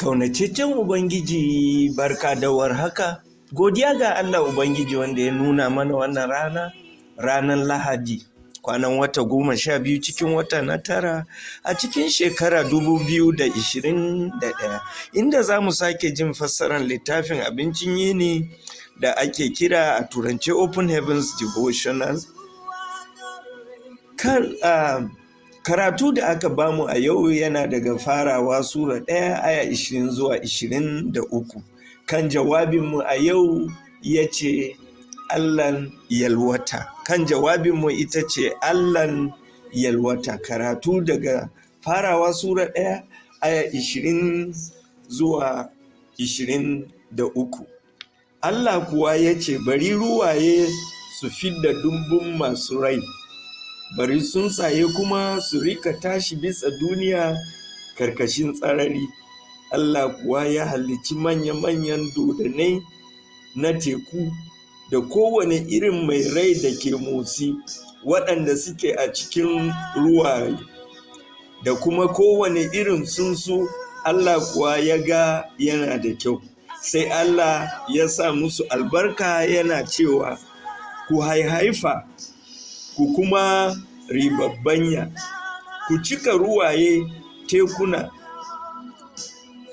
Kaunataccen Ubangiji barka da warhaka, godiya ga Allah Ubangiji wanda ya nuna mana wannan rana, ranar Lahadi, kwanan wata goma sha biyu cikin wata na tara a cikin shekara dubu biyu da ishirin da ɗaya, inda za mu sake jin fassarar littafin abincin yini da ake kira a turance Open Heavens Devotional. Kan, ah, Karatu da aka bamu a yau yana daga farawa Sura ɗaya aya ishirin zuwa ishirin da uku. Kan jawabinmu a yau ya ce Allahn yalwata. Kan jawabinmu ita ce Allahn yalwata. Karatu daga farawa Sura ɗaya aya ishirin zuwa ishirin da uku. Allah kuwa ya ce bari ruwaye su fidda dumbun masu rai. bari sun saye kuma su rika tashi bisa duniya karkashin tsarari allah kuwa ya halicci manya-manyan dodanai na teku da kowane irin mai rai da ke motsi waɗanda suke a cikin ruwaye da kuma kowane irin tsuntsu allah kuwa ya ga yana da kyau sai allah ya sa musu albarka yana cewa ku haifa. ku kuma ribabbanya ku cika ruwaye tekuna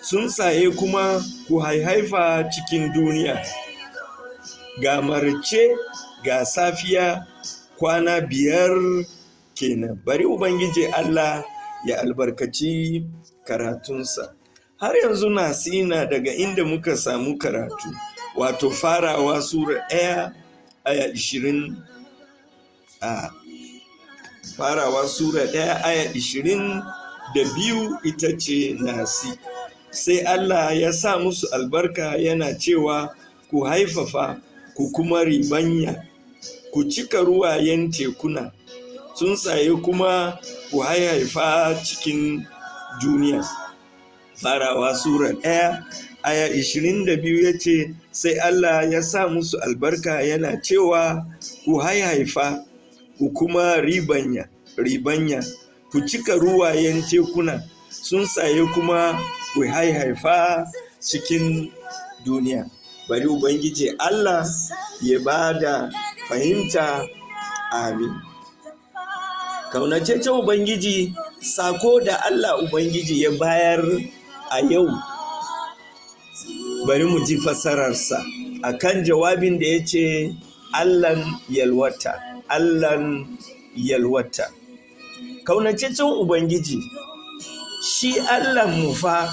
tsuntsaye kuma ku haifa cikin duniya ga marce ga safiya kwana biyar kenan bari ubangiji allah ya albarkaci karatunsa har yanzu na sina daga inda muka samu karatu wato farawa sura ɗaya aya ishirin a farawa sura ɗaya aya ishirin da biyu ita ce nasi sai allah ya sa musu albarka yana cewa ku haifafa ku kuma ribanya ku cika ruwayen tekuna tsuntsaye kuma ku haifa cikin duniya farawa sura ɗaya aya biyu ya ce sai allah ya sa musu albarka yana cewa ku haifa ku kuma ribanya ribanya ku cika ruwayen tekuna saye kuma ku haihaifa cikin duniya bari ubangiji allah ya ba da fahimta amin kaunacece ubangiji sako da allah ubangiji ya bayar a yau bari mu ji fassararsa akan jawabin da ya ce Allahn yalwata, Allahn yalwata. kaunacicin Ubangiji, shi Allan mu fa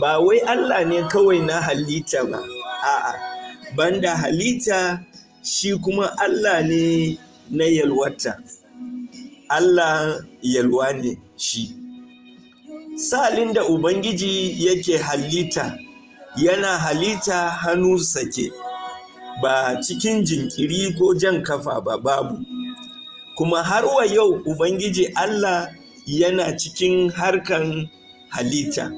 ba wai Allah ne kawai na halitta ba, a'a, banda halitta shi kuma Allah ne na yalwata. Allah yalwa ne shi. Salin da Ubangiji yake halitta, yana halitta hannu sake. ba cikin jinkiri ko jan kafa ba babu kuma har wa yau ubangiji allah yana cikin harkan halitta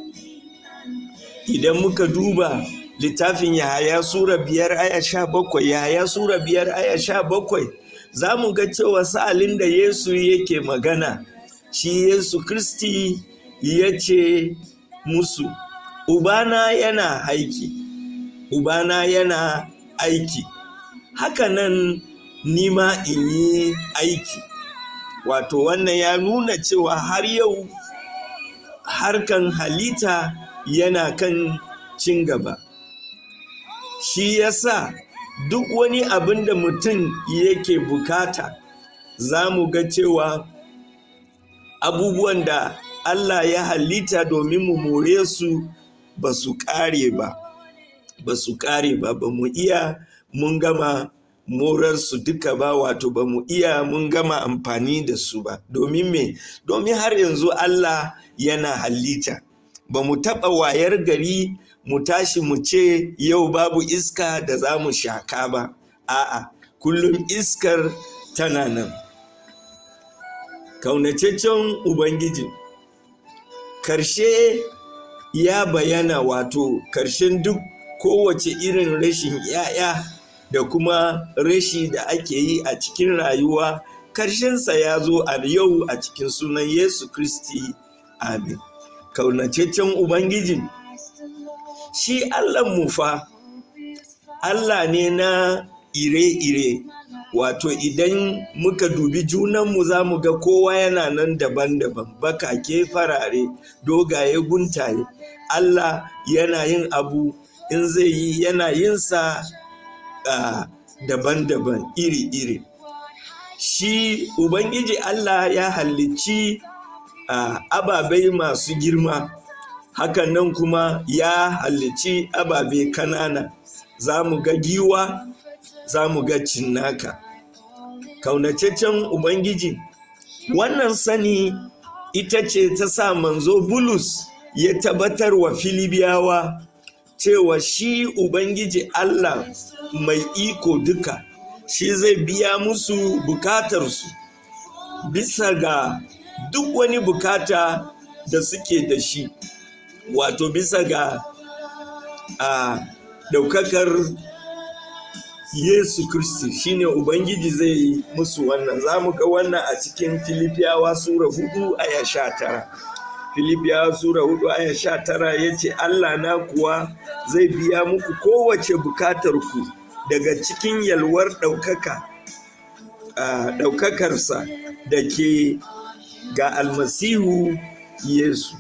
idan muka duba littafin yahaya sura biyar aya sha bakwai yahaya sura biyar aya sha bakwai za mu ga cewa sa'alin da yesu yake magana shi yesu kristi ya ce musu ubana yana haiki ubana yana aiki ni ma in yi aiki wato wannan ya nuna cewa har yau harkan halitta yana kan cin gaba shi ya sa duk wani abin da mutum yake bukata za mu ga cewa abubuwan da Allah ya halitta domin mu more su ba su ƙare ba ba su kare ba ba mu iya mun gama morar su duka ba wato ba mu iya mun gama amfani da su ba domin me domin har yanzu Allah yana halitta ba mu taɓa wayar gari mu tashi mu ce yau babu iska da za mu shaka ba a'a kullum iskar tana nan kaunataccen ubangiji karshe ya bayana wato karshen duk kowace irin rashin 'ya'ya da kuma rashi da ake yi a cikin rayuwa karshensa ya zo a yau a cikin sunan yesu kristi amin kaunataccen ubangiji shi mu fa allah ne na ire-ire wato idan muka dubi junanmu za mu ga kowa yana nan daban-daban baka ke farare dogaye guntaye allah yana yin abu in zai yi yana yinsa daban-daban iri-iri shi ubangiji allah ya halicci ababai masu girma hakan nan kuma ya halicci ababe kanana za mu ga giwa za mu ga cinnaka kaunaceccen ubangiji wannan sani ita ce ta sa manzo bulus ya tabbatar wa filibiyawa cewa shi ubangiji allah mai iko duka shi zai biya musu bukatarsu bisa ga duk wani bukata da suke da shi wato bisa ga a daukakar yesu kristi shine ubangiji zai yi musu wannan za mu ga wannan a cikin filipiyawa sura huɗu aya Filibiya Sura hudu aya sha tara ya ce Allah na kuwa zai biya muku kowace bukatar daga cikin yalwar ɗaukaka ɗaukakarsa da ke ga almasihu Yesu.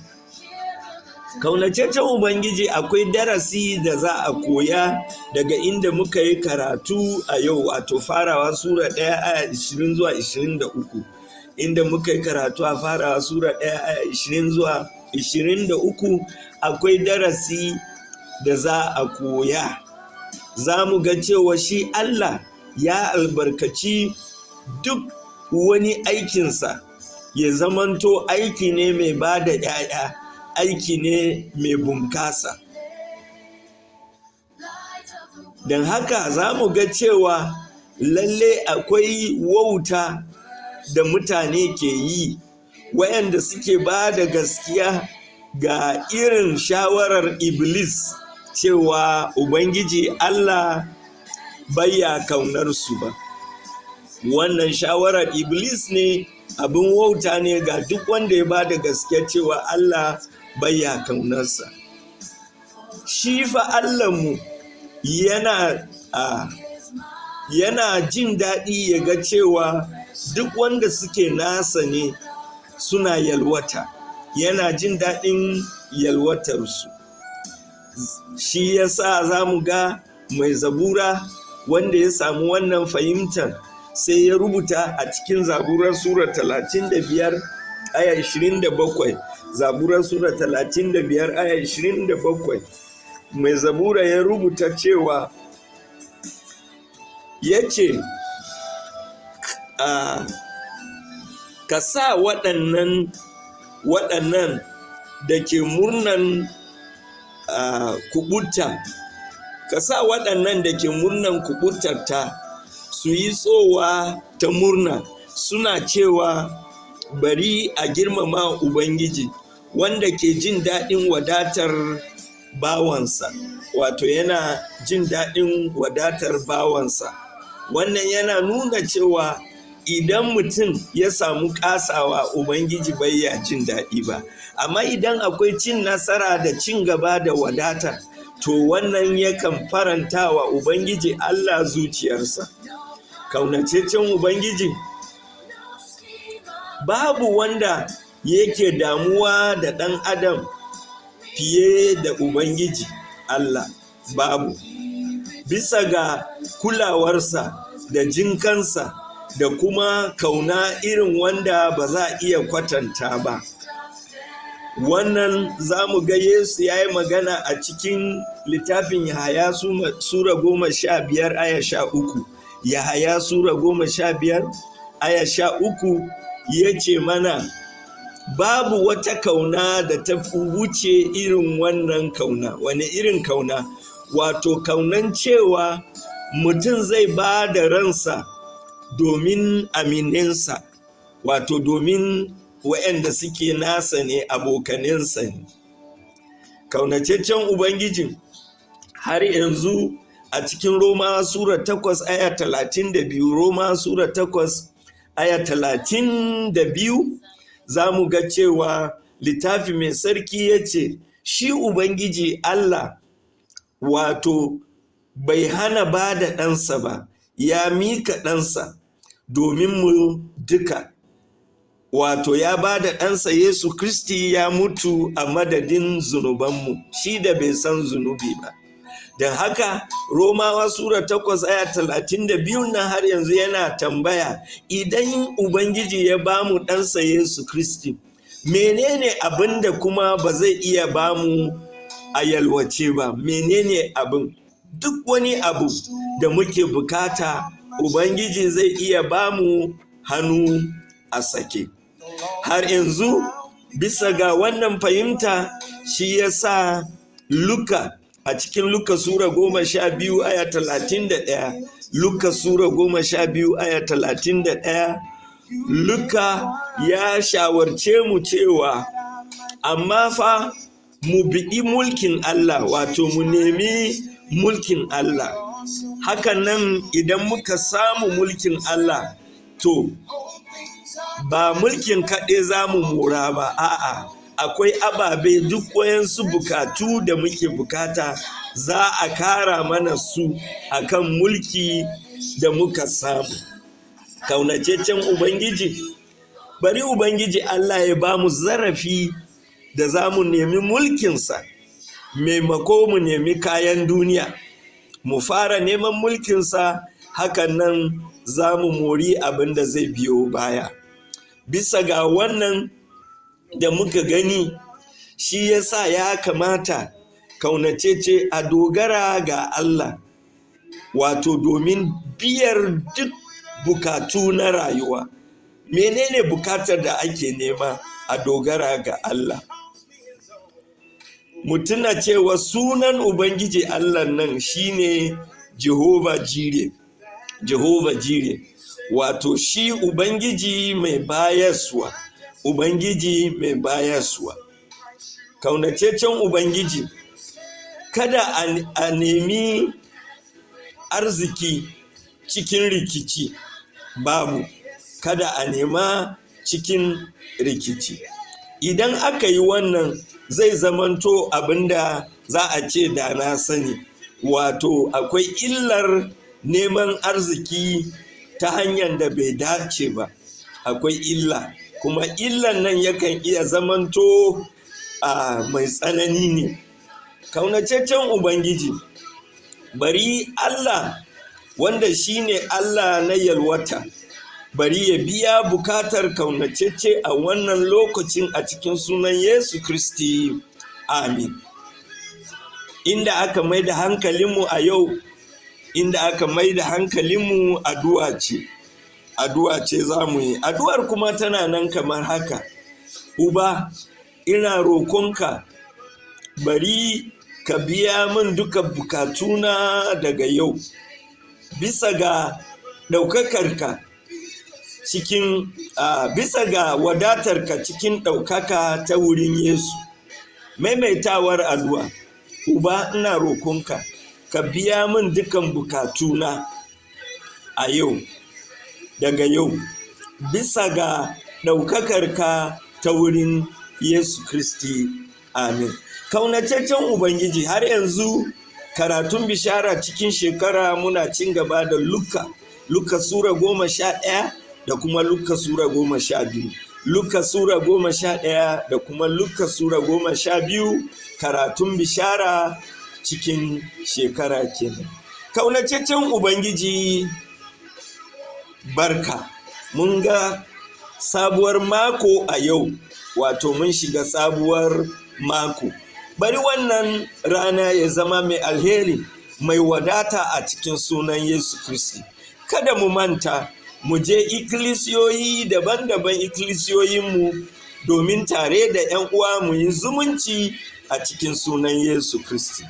kaunacecen Ubangiji akwai darasi da za a koya daga inda muka yi karatu a yau wato farawa Sura ɗaya aya 20 zuwa 23. inda muka karatu a fara sura ɗaya a ishirin zuwa ishirin da uku akwai darasi da za a koya za mu ga cewa shi Allah ya albarkaci duk wani aikinsa ya zamanto aiki ne mai ba da ‘ya'ya aiki ne mai bunkasa don haka za mu ga cewa lalle akwai wauta da mutane ke yi wayanda suke ba da gaskiya ga irin shawarar iblis cewa ubangiji allah baya su ba wannan shawarar iblis ne abin wauta ne ga duk wanda ya ba da gaskiya cewa allah baya kaunarsa shi fa allahnmu yana yana jin daɗi ya ga cewa duk wanda suke nasa ne suna yalwata yana jin daɗin yalwatarsu shi ya sa za mu ga mai zabura wanda ya samu wannan fahimtar sai ya rubuta a cikin zaburar sura 35 aya 27 zaburar sura 35 aya 27 mai zabura ya rubuta cewa ya ce a ka sa waɗannan waɗannan da ke murnan kubuta ka sa waɗannan da ke murnan su yi tsowa ta murna suna cewa bari a girmama ubangiji wanda ke jin daɗin wadatar bawansa wato yana jin daɗin wadatar bawansa wannan yana nuna cewa idan mutum ya samu kasawa ubangiji bai ya jin daɗi ba amma idan akwai cin nasara da cin gaba da wadata to wannan yakan faranta wa ubangiji allah zuciyarsa kaunacecen ubangiji babu wanda yake damuwa da ɗan adam fiye da ubangiji allah babu bisa ga kulawarsa da jinkansa da kuma kauna irin wanda ba za a iya kwatanta ba wannan za mu ga yesu ya yi magana a cikin littafin yahaya sura goma sha biyar aya sha uku yahaya sura goma sha biyar aya sha uku ya ce mana babu wata kauna da ta wuce irin wannan kauna wani irin kauna wato kaunan cewa mutum zai ba da ransa domin amininsa wato domin wa'anda suke nasa ne abokaninsa ne kaunataccen ubangijin har yanzu a cikin roma sura 8 aya 32 roma sura 8 aya 32 za mu ga cewa littafi mai sarki ya ce shi ubangiji allah wato bai hana ba da ɗansa ba ya mika ɗansa domin mu duka wato ya ba da ɗansa yesu kristi ya mutu a madadin zunubanmu shi da bai san zunubi ba don haka romawa sura takwas aya talatin da biyu na har yanzu yana tambaya idan ubangiji ya ba mu ɗansa yesu kristi menene abin da kuma ba zai iya ba mu a yalwace ba menene abin duk wani abu da muke bukata Ubangiji zai iya ba mu hannu a sake. Har yanzu bisa ga wannan fahimta shi ya sa Luka a cikin Luka Sura goma sha biyu aya talatin da ɗaya, Luka Sura goma sha biyu aya talatin da ɗaya, Luka ya shawarce mu cewa, amma fa mu biɗi mulkin Allah wato mu nemi mulkin Allah. hakan nan idan muka samu mulkin Allah to ba mulkin kaɗai za mu mora ba a'a akwai ababe duk wayansu bukatu da muke bukata za a kara mana su akan mulki da muka samu kaunacecen ubangiji bari ubangiji allah ya ba mu zarafi da za mu nemi mulkinsa maimako mu nemi kayan duniya mu fara neman mulkinsa hakan nan za mu mori abin da zai biyo baya bisa ga wannan da muka gani shi ya sa ya kamata kaunacece a dogara ga Allah wato domin biyar duk bukatu na rayuwa menene bukatar da ake nema a dogara ga Allah mutuna cewa sunan ubangiji allah nan shine jehova jire jehova jire wato shi ubangiji mai bayaswa ubangiji mai bayaswa kaunacecen ubangiji kada a nemi arziki cikin rikici babu kada a nema cikin rikici idan aka yi wannan zai zamanto abinda za a ce da na sani wato akwai illar neman arziki ta hanyar da bai dace ba akwai illa kuma illan nan yakan iya zamanto a mai tsanani ne kaunacecen ubangiji bari allah wanda shine allah na yalwata bari ya biya bukatar kaunacece a wannan lokacin a cikin sunan Yesu Kristi. Amin. Inda aka mai hankalinmu a yau, inda aka mai hankalinmu addu'a ce, addu'a ce za mu yi. Addu'ar kuma tana nan kamar haka, Uba, ina rokonka, bari ka biya min duka bukatuna daga yau, bisa ga ɗaukakarka. cikin bisa ga wadatarka cikin ɗaukaka ta wurin Yesu. Maimaitawar addu'a, Uba ina rokonka, ka biya min dukan bukatuna a yau, daga yau, bisa ga ɗaukakarka ta wurin Yesu Kristi, amin. Kaunataccen Ubangiji har yanzu karatun bishara cikin shekara muna cin gaba da Luka, Luka Sura goma sha ɗaya. da kuma Luka Sura goma sha biyu. Luka Sura goma sha ɗaya da kuma Luka Sura goma sha biyu karatun bishara cikin shekara kenan. Kaunataccen Ubangiji barka, mun ga sabuwar mako a yau, wato mun shiga sabuwar mako. Bari wannan rana ya zama mai alheri, mai wadata a cikin sunan Yesu Kristi. Kada mu manta mu je ikilisiyoyi daban-daban mu domin tare da 'yan uwa mu yi zumunci a cikin sunan Yesu Kristi.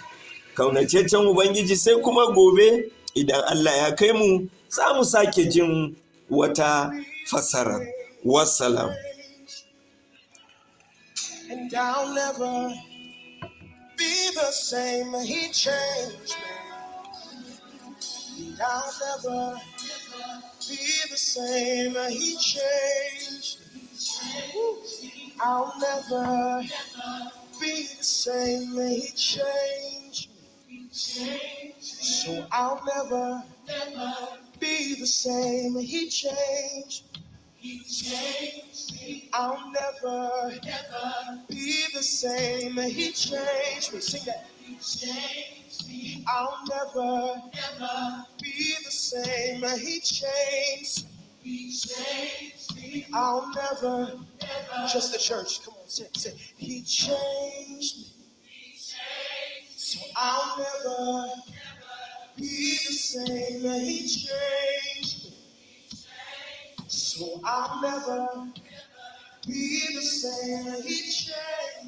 Kaunataccen Ubangiji sai kuma gobe idan Allah ya kai mu za mu sake jin wata fasarar. Wassalam. And I'll never be the same. He changed me. And I'll never be the same. He changed. I'll never be the same. He changed. So I'll never be the same. He changed. I'll never be the same. He changed Sing that. I'll never, never be the same. He changed. He changed me. I'll never, never. Just the church. Come on, say, say. He changed me. so I'll never, never be the same. He changed me. so I'll never, never be the same. He changed.